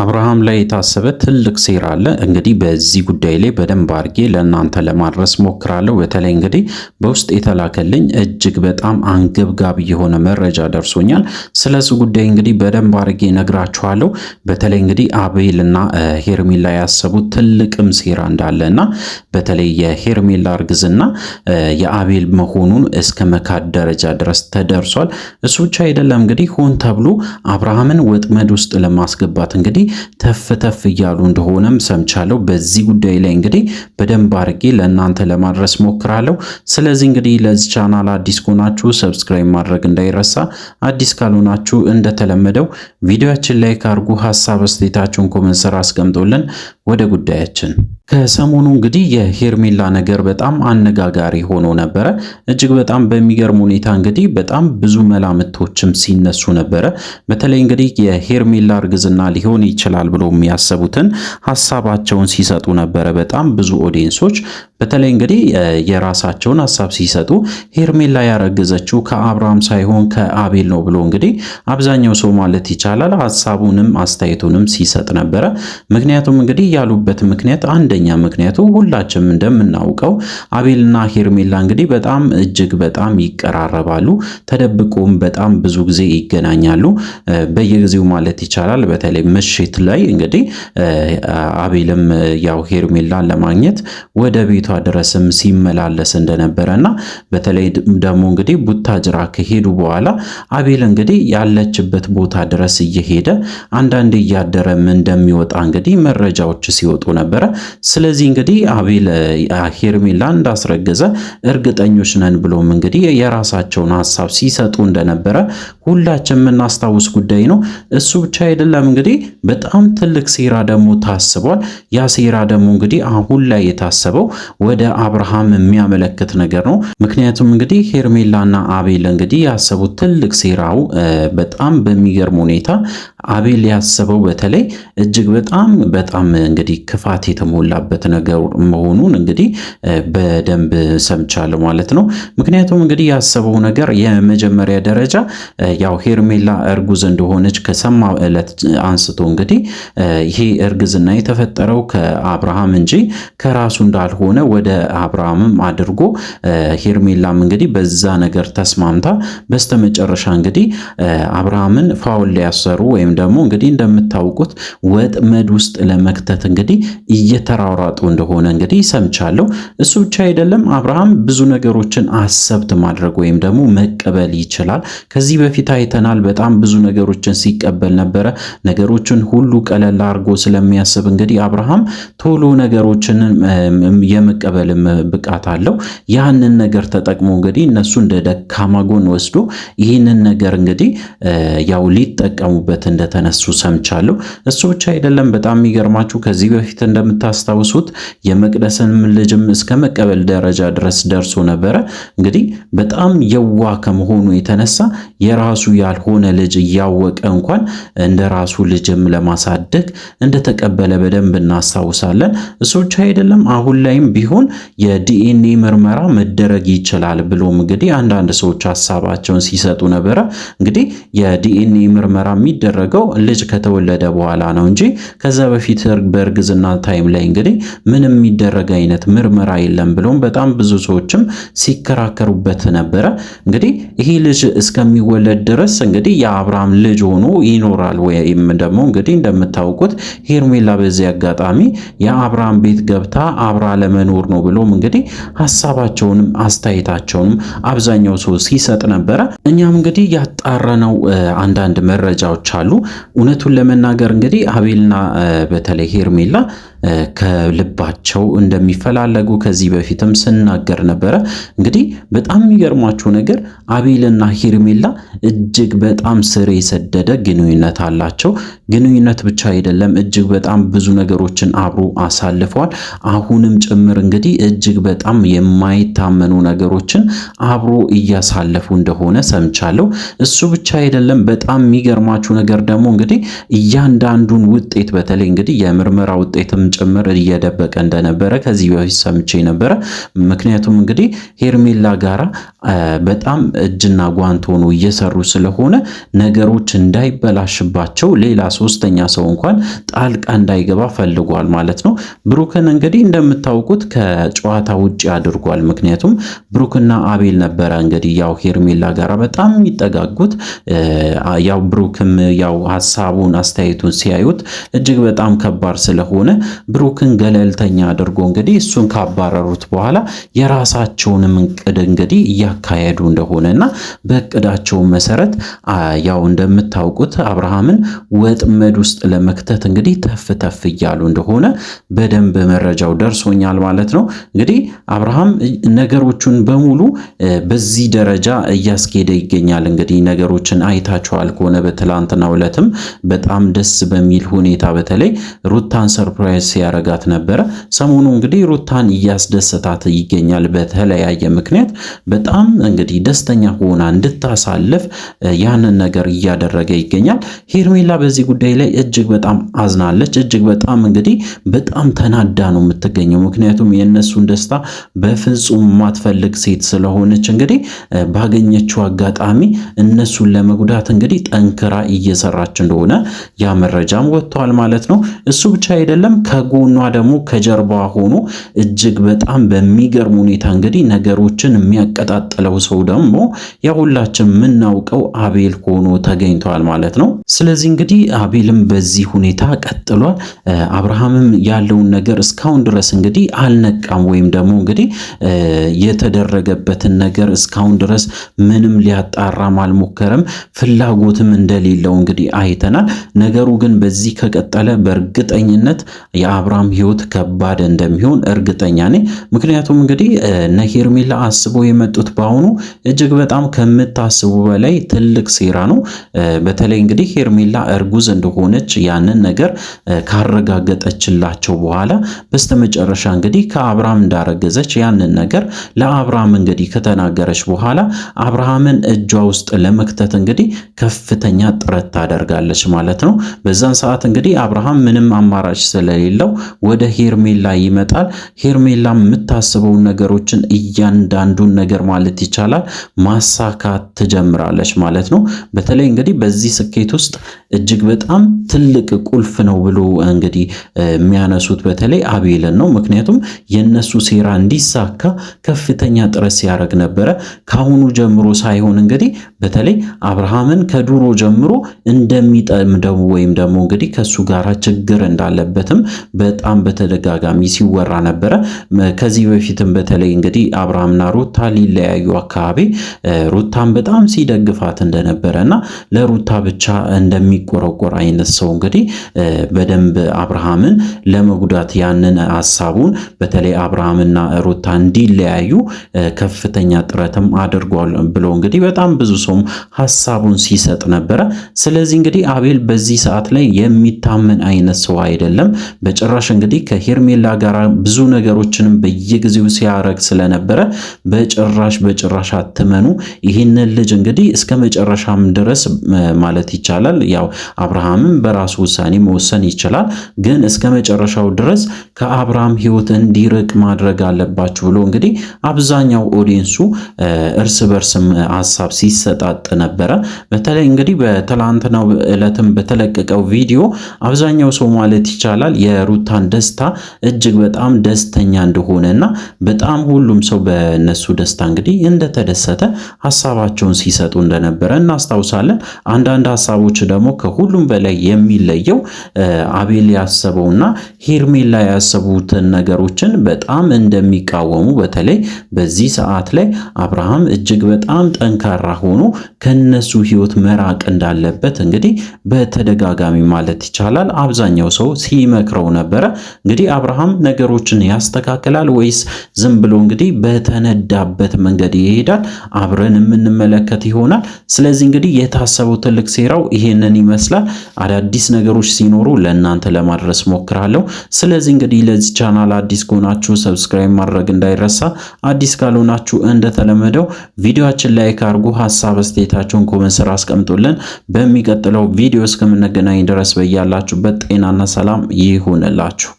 አብርሃም ላይ የታሰበ ትልቅ ሴራ አለ። እንግዲህ በዚህ ጉዳይ ላይ በደንብ አድርጌ ለእናንተ ለማድረስ ሞክራለሁ። በተለይ እንግዲህ በውስጥ የተላከልኝ እጅግ በጣም አንገብጋቢ የሆነ መረጃ ደርሶኛል። ስለዚህ ጉዳይ እንግዲህ በደንብ አድርጌ ነግራችኋለሁ። በተለይ እንግዲህ አቤልና ሄርሜላ ያሰቡ ትልቅም ሴራ እንዳለ እና በተለይ የሄርሜላ እርግዝና የአቤል መሆኑን እስከ መካድ ደረጃ ድረስ ተደርሷል። እሱ ብቻ አይደለም እንግዲህ ሆን ተብሎ አብርሃምን ወጥመድ ውስጥ ለማስገባት እንግዲህ እንግዲህ ተፍ ተፍ እያሉ እንደሆነም ሰምቻለሁ። በዚህ ጉዳይ ላይ እንግዲህ በደንብ አድርጌ ለእናንተ ለማድረስ ሞክራለሁ። ስለዚህ እንግዲህ ለዚህ ቻናል አዲስ ከሆናችሁ ሰብስክራይብ ማድረግ እንዳይረሳ፣ አዲስ ካልሆናችሁ እንደተለመደው ቪዲዮችን ላይ ካርጉ ሀሳብ አስተያየታችሁን ኮመንት ስራ አስቀምጦልን ወደ ጉዳያችን ከሰሞኑ እንግዲህ የሄርሜላ ነገር በጣም አነጋጋሪ ሆኖ ነበረ። እጅግ በጣም በሚገርም ሁኔታ እንግዲህ በጣም ብዙ መላምቶችም ሲነሱ ነበረ። በተለይ እንግዲህ የሄርሜላ እርግዝና ሊሆን ይችላል ብሎ የሚያሰቡትን ሀሳባቸውን ሲሰጡ ነበረ። በጣም ብዙ ኦዲየንሶች በተለይ እንግዲህ የራሳቸውን ሀሳብ ሲሰጡ ሄርሜላ ያረገዘችው ከአብርሃም ሳይሆን ከአቤል ነው ብሎ እንግዲህ አብዛኛው ሰው ማለት ይቻላል ሀሳቡንም አስተያየቱንም ሲሰጥ ነበረ። ምክንያቱም እንግዲህ ያሉበት ምክንያት አንደኛ ምክንያቱ ሁላችንም እንደምናውቀው አቤልና ሄርሜላ እንግዲህ በጣም እጅግ በጣም ይቀራረባሉ። ተደብቆም በጣም ብዙ ጊዜ ይገናኛሉ በየጊዜው ማለት ይቻላል። በተለይ ምሽት ላይ እንግዲህ አቤልም ያው ሄርሜላን ለማግኘት ወደ ቤቷ ድረስም ሲመላለስ እንደነበረ እና በተለይ ደግሞ እንግዲህ ቡታጅራ ከሄዱ በኋላ አቤል እንግዲህ ያለችበት ቦታ ድረስ እየሄደ አንዳንድ እያደረም እንደሚወጣ እንግዲህ መረጃዎች ሲወጡ ነበረ። ስለዚህ እንግዲህ አቤል ሄርሜላ እንዳስረገዘ እርግጠኞች ነን ብሎም እንግዲህ የራሳቸውን ሀሳብ ሲሰጡ እንደነበረ ሁላችን የምናስታውስ ጉዳይ ነው። እሱ ብቻ አይደለም እንግዲህ በጣም ትልቅ ሴራ ደግሞ ታስቧል። ያ ሴራ ደግሞ እንግዲህ አሁን ላይ የታሰበው ወደ አብርሃም የሚያመለክት ነገር ነው። ምክንያቱም እንግዲህ ሄርሜላና አቤል እንግዲህ ያሰቡት ትልቅ ሴራው በጣም በሚገርም ሁኔታ አቤል ያሰበው በተለይ እጅግ በጣም በጣም እንግዲህ ክፋት የተሞላበት ነገር መሆኑን እንግዲህ በደንብ ሰምቻለሁ ማለት ነው። ምክንያቱም እንግዲህ ያሰበው ነገር የመጀመሪያ ደረጃ ያው ሄርሜላ እርጉዝ እንደሆነች ከሰማ ዕለት አንስቶ እንግዲህ ይሄ እርግዝና የተፈጠረው ከአብርሃም እንጂ ከራሱ እንዳልሆነ ወደ አብርሃምም አድርጎ ሄርሜላም እንግዲህ በዛ ነገር ተስማምታ በስተመጨረሻ እንግዲህ አብርሃምን ፋውል ሊያሰሩ ወይም ደግሞ እንግዲህ እንደምታውቁት ወጥመድ ውስጥ ለመክተት እንግዲህ እየተራራጡ እንደሆነ እንግዲህ ሰምቻለሁ። እሱ ብቻ አይደለም አብርሃም ብዙ ነገሮችን አሰብት ማድረግ ወይም ደግሞ መቀበል ይችላል። ከዚህ በፊት አይተናል። በጣም ብዙ ነገሮችን ሲቀበል ነበረ። ነገሮችን ሁሉ ቀለል አድርጎ ስለሚያስብ እንግዲህ አብርሃም ቶሎ ነገሮችን የመቀበልም ብቃት አለው። ያንን ነገር ተጠቅሞ እንግዲህ እነሱ እንደ ደካማ ጎን ወስዶ ይህንን ነገር እንግዲህ ያው ሊጠቀሙበት እንደተነሱ ሰምቻለሁ። እሱ ብቻ አይደለም። በጣም የሚገርማችሁ ከዚህ በፊት እንደምታስታውሱት የመቅደስንም ልጅም እስከ መቀበል ደረጃ ድረስ ደርሶ ነበረ። እንግዲህ በጣም የዋ ከመሆኑ የተነሳ የራሱ ያልሆነ ልጅ እያወቀ እንኳን እንደ ራሱ ልጅም ለማሳደግ እንደተቀበለ በደንብ እናስታውሳለን። እሱ ብቻ አይደለም። አሁን ላይም ቢሆን የዲኤንኤ ምርመራ መደረግ ይችላል ብሎም እንግዲህ አንዳንድ ሰዎች ሀሳባቸውን ሲሰጡ ነበረ። እንግዲህ የዲኤንኤ ምርመራ የሚደረገው ልጅ ከተወለደ በኋላ ነው እንጂ ከዛ በፊት በእርግዝና ታይም ላይ እንግዲህ ምንም የሚደረግ አይነት ምርመራ የለም ብሎም በጣም ብዙ ሰዎችም ሲከራከሩበት ነበረ። እንግዲህ ይሄ ልጅ እስከሚወለድ ድረስ እንግዲህ የአብርሃም ልጅ ሆኖ ይኖራል ወይም ደግሞ እንግዲህ እንደምታውቁት ሄርሜላ በዚህ አጋጣሚ የአብርሃም ቤት ገብታ አብራ ለመኖር መኖር ነው ብሎም እንግዲህ ሀሳባቸውንም አስተያየታቸውንም አብዛኛው ሰው ሲሰጥ ነበረ። እኛም እንግዲህ ያጣራነው አንዳንድ መረጃዎች አሉ። እውነቱን ለመናገር እንግዲህ አቤልና በተለይ ሄርሜላ ከልባቸው እንደሚፈላለጉ ከዚህ በፊትም ስናገር ነበረ። እንግዲህ በጣም የሚገርሟችሁ ነገር አቤልና ሄርሜላ እጅግ በጣም ስር የሰደደ ግንኙነት አላቸው። ግንኙነት ብቻ አይደለም፣ እጅግ በጣም ብዙ ነገሮችን አብሮ አሳልፈዋል። አሁንም ጭምር እንግዲህ እጅግ በጣም የማይታመኑ ነገሮችን አብሮ እያሳለፉ እንደሆነ ሰምቻለሁ። እሱ ብቻ አይደለም። በጣም የሚገርማችሁ ነገር ደግሞ እንግዲህ እያንዳንዱን ውጤት በተለይ እንግዲህ የምርመራ ውጤትም ጭምር እየደበቀ እንደነበረ ከዚህ በፊት ሰምቼ ነበረ። ምክንያቱም እንግዲህ ሄርሜላ ጋራ በጣም እጅና ጓንት ሆኖ እየሰሩ ስለሆነ ነገሮች እንዳይበላሽባቸው ሌላ ሶስተኛ ሰው እንኳን ጣልቃ እንዳይገባ ፈልጓል ማለት ነው። ብሩክን እንግዲህ እንደምታውቁት ከጨዋታ ውጭ አድርጓል። ምክንያቱም ብሩክና አቤል ነበረ እንግዲህ ያው ሄርሜላ ጋራ በጣም የሚጠጋጉት ያው ብሩክም ያው ሀሳቡን አስተያየቱን ሲያዩት እጅግ በጣም ከባድ ስለሆነ ብሩክን ገለልተኛ አድርጎ እንግዲህ እሱን ካባረሩት በኋላ የራሳቸውንም እቅድ እንግዲህ እያካሄዱ እንደሆነና በእቅዳቸው መሰረት ያው እንደምታውቁት አብርሃምን ወጥመድ ውስጥ ለመክተት እንግዲህ ተፍ ተፍ እያሉ እንደሆነ በደንብ መረጃው ደርሶኛል ማለት ነው። እንግዲህ አብርሃም ነገሮቹን በሙሉ በዚህ ደረጃ እያስኬደ ይገኛል። እንግዲህ ነገሮችን አይታችኋል ከሆነ በትላንትና ዕለትም በጣም ደስ በሚል ሁኔታ በተለይ ሩታን ሰርፕራይዝ ሲያረጋት ነበረ። ሰሞኑ እንግዲህ ሩታን እያስደሰታት ይገኛል። በተለያየ ምክንያት በጣም እንግዲህ ደስተኛ ሆና እንድታሳልፍ ያንን ነገር እያደረገ ይገኛል። ሄርሜላ በዚህ ጉዳይ ላይ እጅግ በጣም አዝናለች። እጅግ በጣም እንግዲህ በጣም ተናዳ ነው የምትገኘው። ምክንያቱም የእነሱን ደስታ በፍጹም የማትፈልግ ሴት ስለሆነች እንግዲህ ባገኘችው አጋጣሚ እነሱን ለመጉዳት እንግዲህ ጠንክራ እየሰራች እንደሆነ ያ መረጃም ወጥተዋል ማለት ነው። እሱ ብቻ አይደለም ከ ከጎኗ ደግሞ ከጀርባዋ ሆኖ እጅግ በጣም በሚገርም ሁኔታ እንግዲህ ነገሮችን የሚያቀጣጥለው ሰው ደግሞ የሁላችን የምናውቀው አቤል ሆኖ ተገኝቷል ማለት ነው። ስለዚህ እንግዲህ አቤልም በዚህ ሁኔታ ቀጥሏል። አብርሃምም ያለውን ነገር እስካሁን ድረስ እንግዲህ አልነቃም፣ ወይም ደግሞ እንግዲህ የተደረገበትን ነገር እስካሁን ድረስ ምንም ሊያጣራም አልሞከረም። ፍላጎትም እንደሌለው እንግዲህ አይተናል። ነገሩ ግን በዚህ ከቀጠለ በእርግጠኝነት የአብርሃም ህይወት ከባድ እንደሚሆን እርግጠኛ ነኝ። ምክንያቱም እንግዲህ እነ ሄርሜላ አስበው የመጡት በአሁኑ እጅግ በጣም ከምታስቡ በላይ ትልቅ ሴራ ነው። በተለይ እንግዲህ ሄርሜላ እርጉዝ እንደሆነች ያንን ነገር ካረጋገጠችላቸው በኋላ በስተመጨረሻ እንግዲህ ከአብርሃም እንዳረገዘች ያንን ነገር ለአብርሃም እንግዲህ ከተናገረች በኋላ አብርሃምን እጇ ውስጥ ለመክተት እንግዲህ ከፍተኛ ጥረት ታደርጋለች ማለት ነው። በዛን ሰዓት እንግዲህ አብርሃም ምንም አማራጭ ስለሌለ ስለሌለው ወደ ሄርሜላ ይመጣል። ሄርሜላ የምታስበውን ነገሮችን እያንዳንዱን ነገር ማለት ይቻላል ማሳካት ትጀምራለች ማለት ነው። በተለይ እንግዲህ በዚህ ስኬት ውስጥ እጅግ በጣም ትልቅ ቁልፍ ነው ብሎ እንግዲህ የሚያነሱት በተለይ አቤልን ነው። ምክንያቱም የነሱ ሴራ እንዲሳካ ከፍተኛ ጥረት ሲያደርግ ነበረ ከአሁኑ ጀምሮ ሳይሆን እንግዲህ በተለይ አብርሃምን ከዱሮ ጀምሮ እንደሚጠምደው ወይም ደግሞ እንግዲህ ከሱ ጋር ችግር እንዳለበትም በጣም በተደጋጋሚ ሲወራ ነበረ። ከዚህ በፊትም በተለይ እንግዲህ አብርሃምና ሩታ ሊለያዩ አካባቢ ሩታን በጣም ሲደግፋት እንደነበረ እና ለሩታ ብቻ እንደሚቆረቆር አይነት ሰው እንግዲህ በደንብ አብርሃምን ለመጉዳት ያንን ሀሳቡን በተለይ አብርሃምና ሩታ እንዲለያዩ ከፍተኛ ጥረትም አድርጓል ብሎ እንግዲህ በጣም ብዙ ሰውም ሀሳቡን ሲሰጥ ነበረ። ስለዚህ እንግዲህ አቤል በዚህ ሰዓት ላይ የሚታመን አይነት ሰው አይደለም። በጭራሽ እንግዲህ ከሄርሜላ ጋር ብዙ ነገሮችንም በየጊዜው ሲያረግ ስለነበረ በጭራሽ በጭራሽ አትመኑ። ይህንን ልጅ እንግዲህ እስከ መጨረሻም ድረስ ማለት ይቻላል ያው አብርሃምም በራሱ ውሳኔ መወሰን ይችላል፣ ግን እስከ መጨረሻው ድረስ ከአብርሃም ህይወት እንዲርቅ ማድረግ አለባችሁ ብሎ እንግዲህ አብዛኛው ኦዲየንሱ እርስ በርስም ሀሳብ ሲሰጣጥ ነበረ። በተለይ እንግዲህ በትላንትናው ዕለትም በተለቀቀው ቪዲዮ አብዛኛው ሰው ማለት ይቻላል የሩታን ደስታ እጅግ በጣም ደስተኛ እንደሆነ እና በጣም ሁሉም ሰው በነሱ ደስታ እንግዲህ እንደተደሰተ ሀሳባቸውን ሲሰጡ እንደነበረ እናስታውሳለን። አንዳንድ ሀሳቦች ደግሞ ከሁሉም በላይ የሚለየው አቤል ያሰበውና ሄርሜላ ያሰቡትን ነገሮችን በጣም እንደሚቃወሙ በተለይ በዚህ ሰዓት ላይ አብርሃም እጅግ በጣም ጠንካራ ሆኖ ከነሱ ህይወት መራቅ እንዳለበት እንግዲህ በተደጋጋሚ ማለት ይቻላል አብዛኛው ሰው ሲመክረው ነበረ። እንግዲህ አብርሃም ነገሮችን ያስተካክላል ወይስ ዝም ብሎ እንግዲህ በተነዳበት መንገድ ይሄዳል? አብረን የምንመለከት ይሆናል። ስለዚህ እንግዲህ የታሰበው ትልቅ ሴራው ይሄንን ይመስላል። አዳዲስ ነገሮች ሲኖሩ ለእናንተ ለማድረስ ሞክራለሁ። ስለዚህ እንግዲህ ለዚህ ቻናል አዲስ ከሆናችሁ ሰብስክራይብ ማድረግ እንዳይረሳ፣ አዲስ ካልሆናችሁ እንደተለመደው ቪዲዮአችን ላይ ካርጉ ሀሳብ አስተያየታችሁን ኮመንት ስራ አስቀምጡልን። በሚቀጥለው ቪዲዮ እስከምንገናኝ ድረስ በያላችሁበት ጤናና ሰላም ይሁን። ደውልንላችሁ።